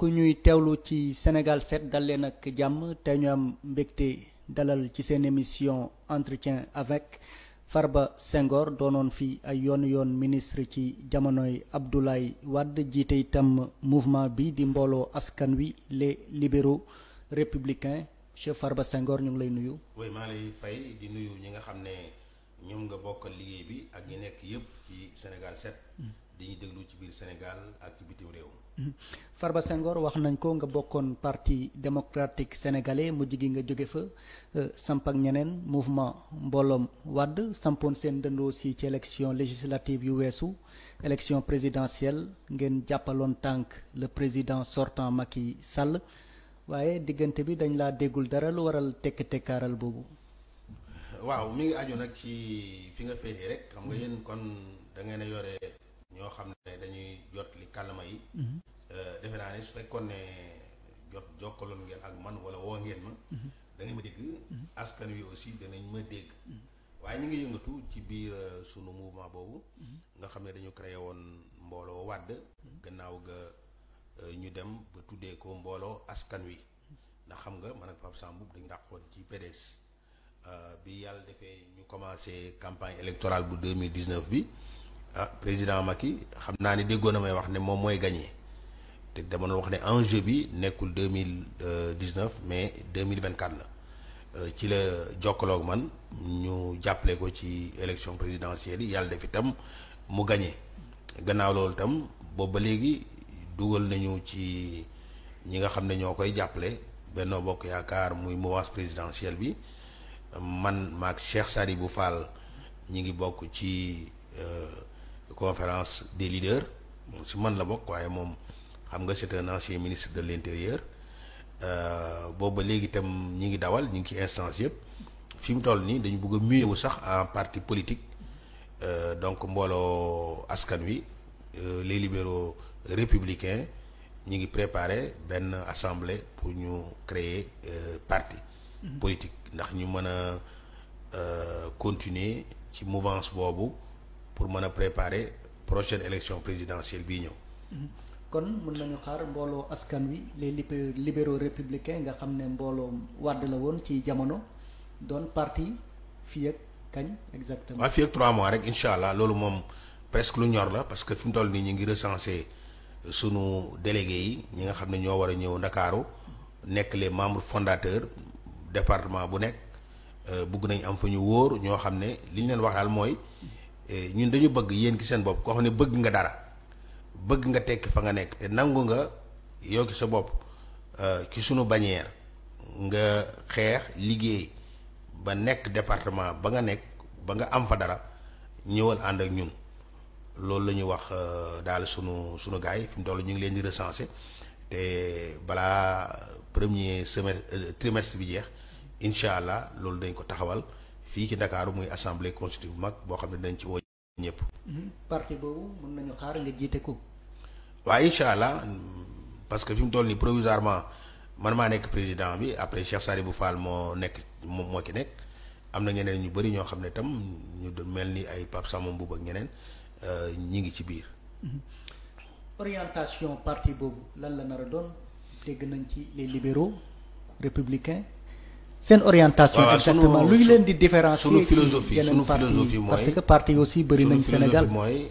mbokk ñuy teewlu ci Sénégal 7 dal ak jàmm te ñu am mbégte dalal ci seen émission entretien avec Farba sengor doonoon fi ay yoon yoon ministre ci jamonoy Abdoulaye Wade jiite itam mouvement bi di mbooloo askan wi les libéraux républicains chef Farba Senghor ñu ngi lay nuyu. oui di nuyu ñi nga xam ne. ñoom nga bokkal liggéey bi ak ñi nekk yëpp ci Sénégal 7. di ñu déglu ci biir Sénégal ak ci bitim réew. Farba Senghor wax nañ ko nga bokkoon parti démocratique sénégalais mujj gi nga jóge fa euh, samp ak ñeneen mouvement mbooloom wàdd sampoon seen dënd aussi ci élection législative yu weesu élection présidentielle ngeen jàppaloon tànk le président sortant Macky Sall waaye diggante bi dañ laa déggul dara lu waral tekk tekkaaral boobu. waaw mi ngi aju nag ci fi nga féetee rek xam nga yéen kon da ngeen a yore ñoo xam ne dañuy jot li kalama yi mm-hmm. euh, defe naa ne su fekkoon ne jot jokkaloon ngeen ak man wala woo ngeen ma mm-hmm. da ngeen ma dégg mm-hmm. askan wi aussi danañ ma dégg waaye ñu ngi yëngatu ci biir euh, sunu mouvement boobu nga xam ne dañu créé woon mbooloo wàdd gannaaw ga euh, ñu dem ba tuddee ko mbooloo askan wi ndax xam nga man ak Pape Samb dañu dàqoon ci PDS Euh, bi yàlla defee ñu commencé campagne électorale bu deux 2019 bi ah président Macky xam naa ni déggoon na may wax ne moom mooy gagné te dama doon wax ne enjeu bi nekkul 2019 mais 2024 la euh, ci la jokkaloog man ñu jàppale ko ci élection présidentielle yi yàlla def itam mu gagné gannaaw loolu itam boobu ba léegi dugal nañu ci ñi nga xam ne ñoo koy jàppale bennoo Bokk Yaakaar muy mouvance présidentielle bi man maak Cheikh bu Fall ñi ngi bokk ci euh, conférence des leaders moom si man la bokk waaye moom xam nga c'est un ancien ministre de l'intérieur euh, booba léegi itam ñi ngi dawal ñi ngi ci instance yëpp fi mu toll nii dañu bëgg a muyewu sax en parti politique euh, donc mbooloo askan wi les libéro républicains ñi ngi préparer benn assemblée pour ñu créer parti Mhm. politique ndax ñu mën a euh, continuer ci mouvance boobu pour mën a préparer prochaine élection présidentielle bii ñëw. Mhm. kon mun nañu xaar mbooloo askan wi les libéraux républicains nga xam ne mbooloo wàdd la woon ci jamono doon parti fii ak kañ exactement. waaw fii ak trois mois rek incha allah loolu moom presque lu ñor la parce que fi mu toll nii ñu ngi recenser sunu délégués yi ñi nga xam ne ñoo war a ñëw ndakaaru nekk les membres fondateurs département bu nekk euh, bëgg nañ am fa ñu wóor ñoo xam ne li ñu leen daal mooy eh, ñun dañu bëgg yéen ki seen bopp koo xam ne bëgg nga dara bëgg nga tekki fa nga nekk te nangu nga yow ki sa bopp euh, ci sunu bannière nga xeex liggéey ba nekk département ba nga nekk ba nga am fa dara ñëwal ànd ak ñun loolu la ñuy wax euh, daal sunu sunu gars yi fi mu toll ñu ngi leen di recenser te balaa premier semestre trimestre bi jeex incha allah loolu dañ ko taxawal fii ci Dakar muy assemblée constitutive bu mag boo xam ne dañ ci woo ñëpp. Mhm. parti boobu mën nañu xaar nga jiite ko. waaw incha allah parce que fi dool toll nii provisoirement man maa nekk président bi après sari bu faal moo nekk moom moo ci nekk am na ñeneen ñu bëri ñoo xam ne tam ñu mel ni ay Pape Samba Mboup ak ñeneen euh, ñi ngi ci biir. Mhm. orientation parti boobu lan la nar a doon dégg nañ ci les libéraux républicains. seen orientation exactement luy leen di différencier sunu philosophie sunu philosophie mooy parce parti aussi bëri nañ Sénégal mooy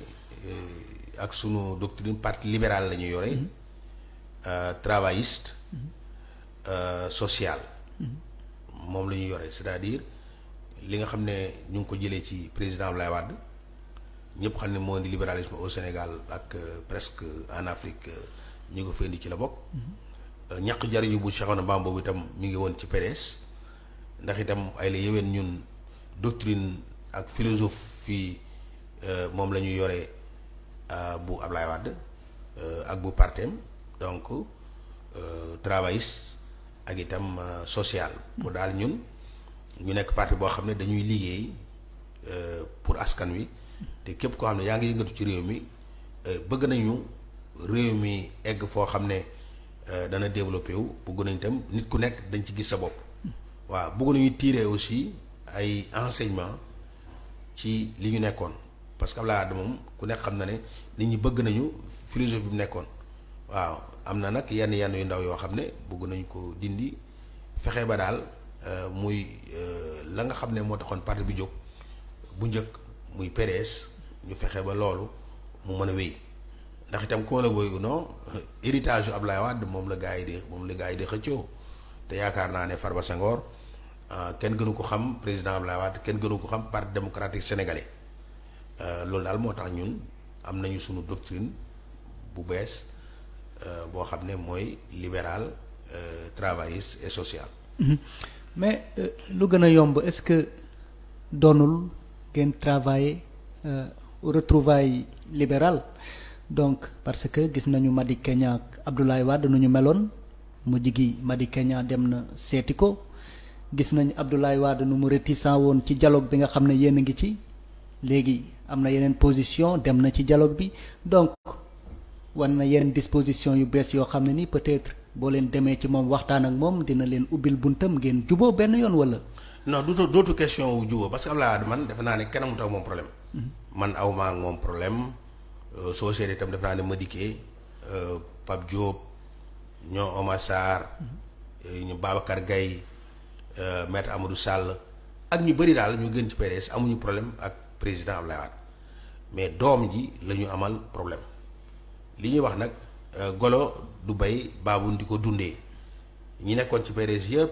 euh, ak sunu doctrine parti libéral la ñu yore mm-hmm. euh, travailliste mm-hmm. euh, social mm-hmm. moom la ñu yore c'est-à-dire li nga xam ne ñu ngi ko jëlee ci président Abdoulaye Wade ñëpp xam ne moo indi libéralisme au Sénégal ak presque en Afrique ñu ko fa indi ci la bokk ñàkk jariñu bu Cheikh Ahmadou Bamba boobu itam ñu ngi woon ci PDS ndax itam ay la yéwén ñun doctrine ak philosophie euh, moom la ñu yore euh, bu Ablaye Wade euh, ak bu partem donc travailliste ak itam sociale bu daal ñun ñu nekk parti boo xam ne dañuy liggéey pour askan wi te képp koo xam ne yaa ngi yëngatu ci réew mi bëgg nañu réew mi egg foo xam ne dana développé wu bëgg nañ itam nit ku nekk dañ ci gis sa bopp. waaw bëgg nañu tiire aussi ay enseignement ci li ñu nekkoon parce que Abdoulaye moom ku nekk xam na ne nit ñi bëgg nañu philosophie bu mu nekkoon waaw am na nag yenn yenn yu ndaw yoo xam ne bëgg nañu ko dindi fexe ba daal euh, muy euh, la nga xam ne moo taxoon parti bu jóg bu njëkk muy PDS ñu fexe ba loolu mu mën a wéy ndax itam koo la booy non héritage yu Abdoulaye Wade moom la gars yi di moom la gars yi di xëccoo te yaakaar naa ne Farba Senghor. Euh, kenn gënu ko xam président Abdoulaye Wade kenn gënu ko xam parti démocratique sénégalais euh, loolu daal moo tax ñun am nañu suñu doctrine bu bees euh, boo xam ne mooy libéral travailliste et social. Mhm. mais lu gën a yomb est-ce que doonul ngeen travailler retrouvailles libéral donc parce que gis nañu Madi Kenya ak Abdoulaye Wade nu ñu meloon mujj gi Madi Kenya dem na seeti ko. gis nañ Abdoulaye waa nu mu réticent woon ci dialogue bi nga xam ne yéen a ngi ci léegi am na yeneen position dem na ci dialogue bi donc wan na yeneen disposition yu bees yoo xam ne nii peut-être boo leen demee ci moom waxtaan ak moom dina leen ubbil buntam ngeen juboo benn yoon wala. no du dootu question wu juboo parce que Abdoulaye Wade man defe naa ne kenn mu taw moom problème. Mm-hmm. man aw maa moom problème euh, soo seetee itam defe naa ne Madické euh, Pape Diop ñoo Omar Sarr mm-hmm. euh, ñu Babacar Gaye Euh, maître Amadou Sall ak ñu bëri daal ñu gën ci PDS amuñu problème ak président Abdoulaye Wade mais doom ji la ñu amal problème li ñuy wax nag euh, golo du bay baabu di ko dundee ñi nekkoon ci PDS yëpp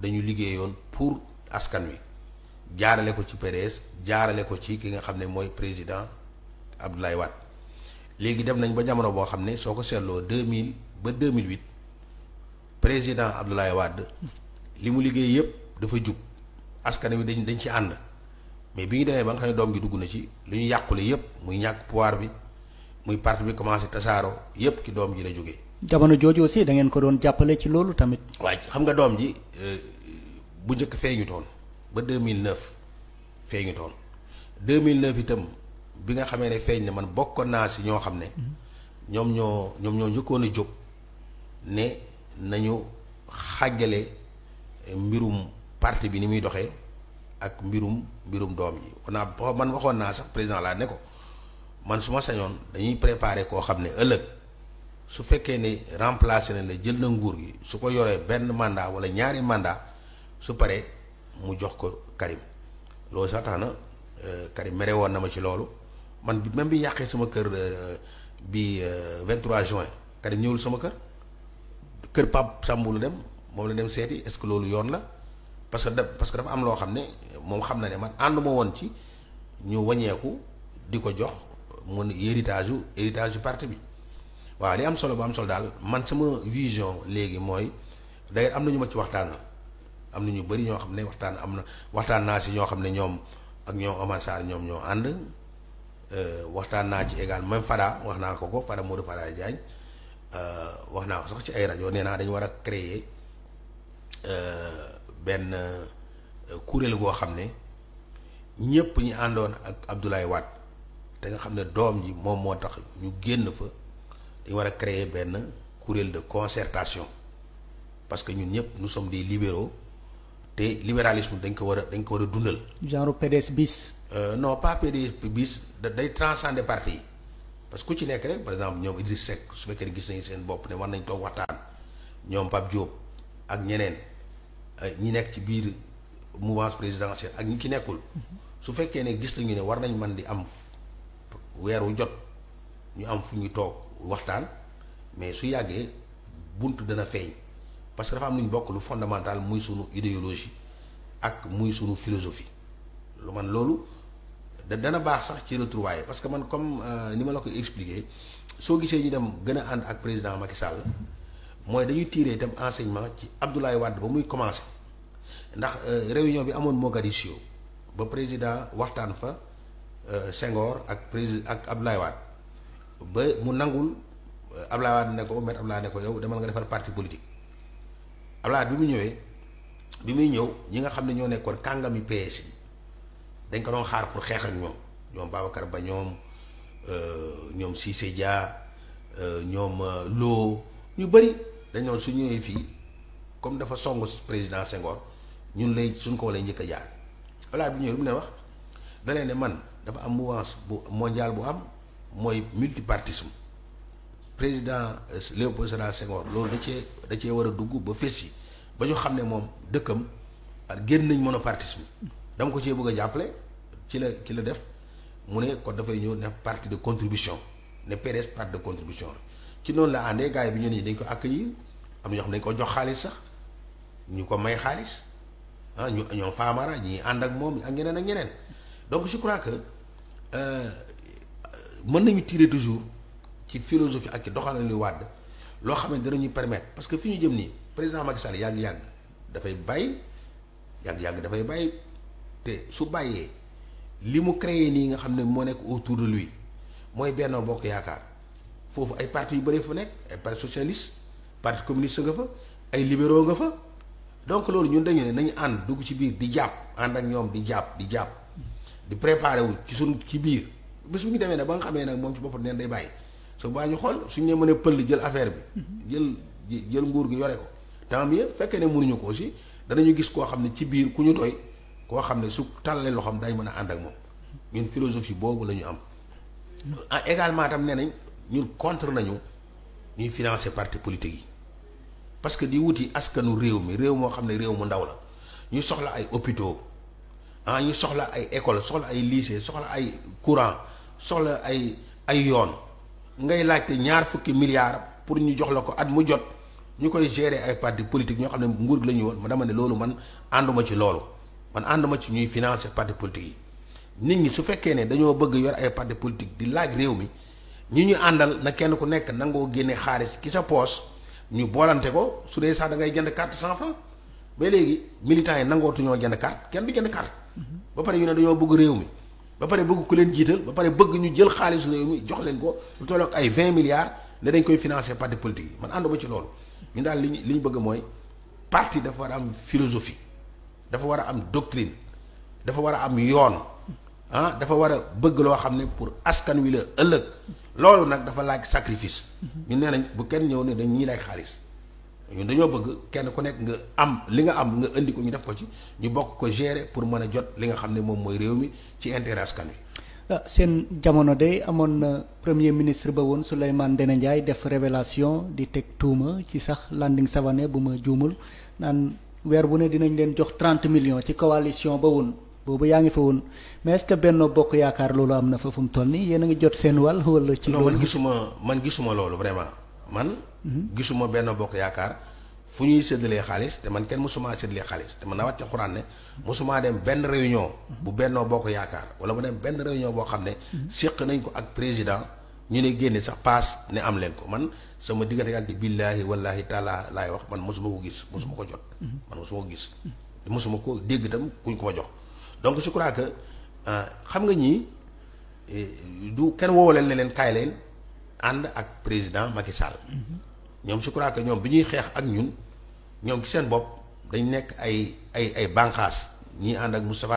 dañu yoon pour askan wi jaarale ko ci PDS jaarale ko ci ki nga xam ne mooy président Abdoulaye Wade léegi dem nañ ba jamono boo xam ne soo ko seetloo deux mille ba deux mille huit président Abdoulaye Wade li mu liggéey yëpp dafa jub askan wi dañ dañ ci ànd mais bi ñu demee ba nga xam ne doom ji dugg na ci lu ñu yàqule yëpp muy ñàkk pouvoir bi muy part bi commencé tasaaro yëpp ci doom ji la jógee. jamono jooju aussi da ngeen ko doon jàppale ci loolu tamit. waaye xam nga doom ji euh, bu njëkk feeñutoon ba 2009 feeñutoon 2009 itam bi nga xamee ne feeñ ne man bokkoon naa si ñoo xam ne. ñoom ñoo ñoom ñoo njëkkoon a jóg ne nañu xàjjale. mbirum parti bi ni muy doxee ak mbirum mbirum doom yi on a man waxoon naa sax président laa ne ko man su ma sañoon dañuy préparer koo xam ne ëllëg su fekkee ne remplacé na la jël na nguur gi su ko yoree benn mandat wala ñaari mandat su pare mu jox ko Karim loolu sax tax na euh, Karim mere woon na ma ci loolu man bi même bi yàqee sama kër euh, bi euh, vingt 23 juin Karim ñëwul sama kër kër Pape Sambou lu dem. moom la dem seeti est-ce que loolu yoon la parce que da que am loo xam ne moom xam na ne man ànduma woon ci ñu wañeeku di ko jox mun héritage yu héritage yu parti bi waaw li am solo ba am solo daal man sama vision léegi mooy d'ailleurs am na ñu ma ci waxtaanal am na ñu bëri ñoo xam ne waxtaan am na waxtaan naa si ñoo xam ne ñoom ak ñoo Omar Sarr ñoom ñoo ànd euh, waxtaan naa ci également même Fada wax naa ko ko Fada Modou Fada Diagne euh, wax naa ko sax ci ay rajo nee naa dañu war a créer Euh, benn euh, kuréel goo xam ne ñëpp ñu àndoon ak Abdoulaye Wade te nga xam ne doom ji moom moo tax ñu génn fa dañ war a créer benn kuréel de concertation parce que ñun ñëpp nous sommes des libéraux te libéralisme dañ ko war a dañ ko war a dundal. genre PDS bis. Euh, non pas PDS bis day transcender parti yi parce que ku ci nekk rek par exemple ñoom Idriss Seck su fekkee gis nañu seen bopp ne war nañ toog waxtaan ñoom Pape Diop ak ñeneen. Euh, ñi nekk ci biir mouvance présidentielle ak ñi ci nekkul su fekkee ne gis nañu ne war nañ man di am weer wu jot ñu am fu ñu toog waxtaan mais su yàggee bunt dana feeñ parce que dafa am lu ñu bokk lu fondamental muy sunu idéologie ak muy sunu philosophie lu man loolu da dana baax sax ci retrouvailles parce que man comme euh, ni ma la ko expliquer soo gisee ñu dem gën a ànd ak président Macky Sall mooy dañuy tiire itam enseignement ci Abdoulaye Wade ba muy commencé ndax euh, réunion bi amoon Mogadiscio ba président waxtaan fa euh, Senghor ak président ak Abdoulaye Wade ba mu nangul euh, Abdoulaye Wade ne ko maître Abdoulaye ne ko yow demal nga defal parti politique Abdoulaye bi mu ñëwee bi muy ñëw ñi nga xam ne ñoo nekkoon kàngami PS yi dañ ko doon xaar pour xeex ak ñoom ñoom Babacar Ba ñoom ñoom Cissé Dia ñoom Lo ñu bëri. dañoon suñu ñëwee fii comme dafa song président Senghor ñun lay suñ ko lay njëkk a jaar voilà bi ñëw mu ne wax da ne man dafa am mouvance bu mondial bu am mooy multipartisme président euh, Léopold Sédar Senghor loolu da cee da war a dugg ba fés yi ba ñu xam ne moom dëkkam génn nañ monopartisme dama ko cee bëgg a jàppale ci la ci la def mu ne kon dafay ñëw ne parti de contribution ne PDS parti de contribution la ci noonu la àndee gars bi ñu ne dañ ko accueillir am na ñoo xam dañ ko jox xaalis sax ñu ko may xaalis ah ñu ñoom Famara ànd ak moom ak ñeneen ak donc je crois que euh, mën nañu tirer toujours ci philosophie ak ci doxalin li wàdd loo xam ne danañu permettre parce que fi ñu jëm nii président Macky Sall yàgg-yàgg dafay bàyyi yàgg-yàgg dafay bàyyi te su bàyyee li mu créé nii nga xam ne moo nekk autour de lui mooy Benno Bokk Yaakaar. foofu ay partie yu bëri fa nekk ay parti socialiste parti communiste nga fa ay libéraux nga fa donc loolu ñun dañu ne nañu ànd dugg ci biir di jàpp ànd ak ñoom di jàpp di jàpp di préparé wu ci suñ ci biir bés bu ñu demee nag ba nga xamee nag moom ci boppam neen day bàyyi su baa ñu xool suñu ne mënee a pël jël affaire bi mm-hmm. jël jël nguur gi yore ko tant yëpp fekkee ne mënuñu ko aussi danañu gis koo xam ne ci biir ku ñu doy koo xam ne su tàllalee loxoom dañ mën a ànd ak moom mm-hmm. ñun philosophie boobu la ñu am mm-hmm. ah, également tam nee nañ ñun contre nañu ñuy financer parti politique yi parce que di wuti askanu réew mi réew moo xam ne réew mu ndaw la ñu soxla ay hôpitaux ah ñu soxla ay école soxla ay lycée soxla ay courant soxla ay ay yoon ngay laajte ñaar fukki milliards pour ñu jox la ko at mu jot ñu koy gérer ay parti politique ñoo xam ne nguur gi la ñu woon ma dama ne loolu man ànduma ci loolu man ànduma ci ñuy financer parti politique yi nit ñi su fekkee ne dañoo bëgg yor ay parti politique di laaj réew mi ñu ñu àndal na kenn ku nekk nangoo génne xaalis ki sa poos ñu boolante ko su dee sax da ngay jënd carte cent franc ba léegi militants yi nangootuñoo jënd carte kenn bi jënd carte ba pare ñu ne dañoo bëgg réew mi ba pare bëgg ku leen jiital ba pare bëgg ñu jël xaalis réew mi jox leen ko lu tolloog ay vingt milliards ne dañ koy financer parti politique yi man ànduma ci loolu ñu daal li ñu li ñu bëgg mooy parti dafa war a am philosophie dafa war a am doctrine dafa war a am yoon ah dafa war a bëgg loo xam ne pour askan wi la ëllëg loolu nag dafa laaj sacrifice ñu nee nañ bu kenn ñëw ne dañ ñuy laaj xaalis ñun dañoo bëgg kenn ku nekk nga am li nga am nga indi ko ñu def ko ci ñu bokk ko gérer pour mën a jot li nga xam ne moom mooy réew mi ci intérêt wi. Ah, seen jamono de amoon na premier ministre ba woon Souleymane Ndéné Ndiaye def révélation di teg tuuma ci sax Landing Savané bu ma juumul naan weer bu ne dinañ leen jox trente million ci coalition ba woon. boobu yaa ngi fa woon mais est-ce que Benno Bokk Yaakaar loolu am na fa fu mu toll nii yéen a ngi jot seen wàll wala. ci loolu man gisuma man gisuma loolu vraiment man. Mhm. gisuma Benno Bokk Yaakaar fu ñuy séddalee xaalis te man kenn mosumaa séddalee xaalis te man naa wax ci xuraan ne mosumaa dem benn réunion. bu Benno Bokk Yaakaar wala mu dem benn réunion boo xam ne. Mhm. séq nañ ko ak président. ñu ne génne sax paas ne am leen ko man sama diggante yàlla di billaahi wallaahi taala laay wax man mosuma ko gis mosuma ko jot. Mhm. man mosuma ko gis. mosuma ko dégg itam kuñ ko jox. donc je crois que euh, xam nga ñii du kenn woow leen ne leen kaay leen ànd ak président Macky Sall mm-hmm. ñoom je crois que ñoom bi ñuy xeex ak ñun ñoom ci seen bopp dañ nekk ay ay ay bànqaas ñii ànd ak Moustapha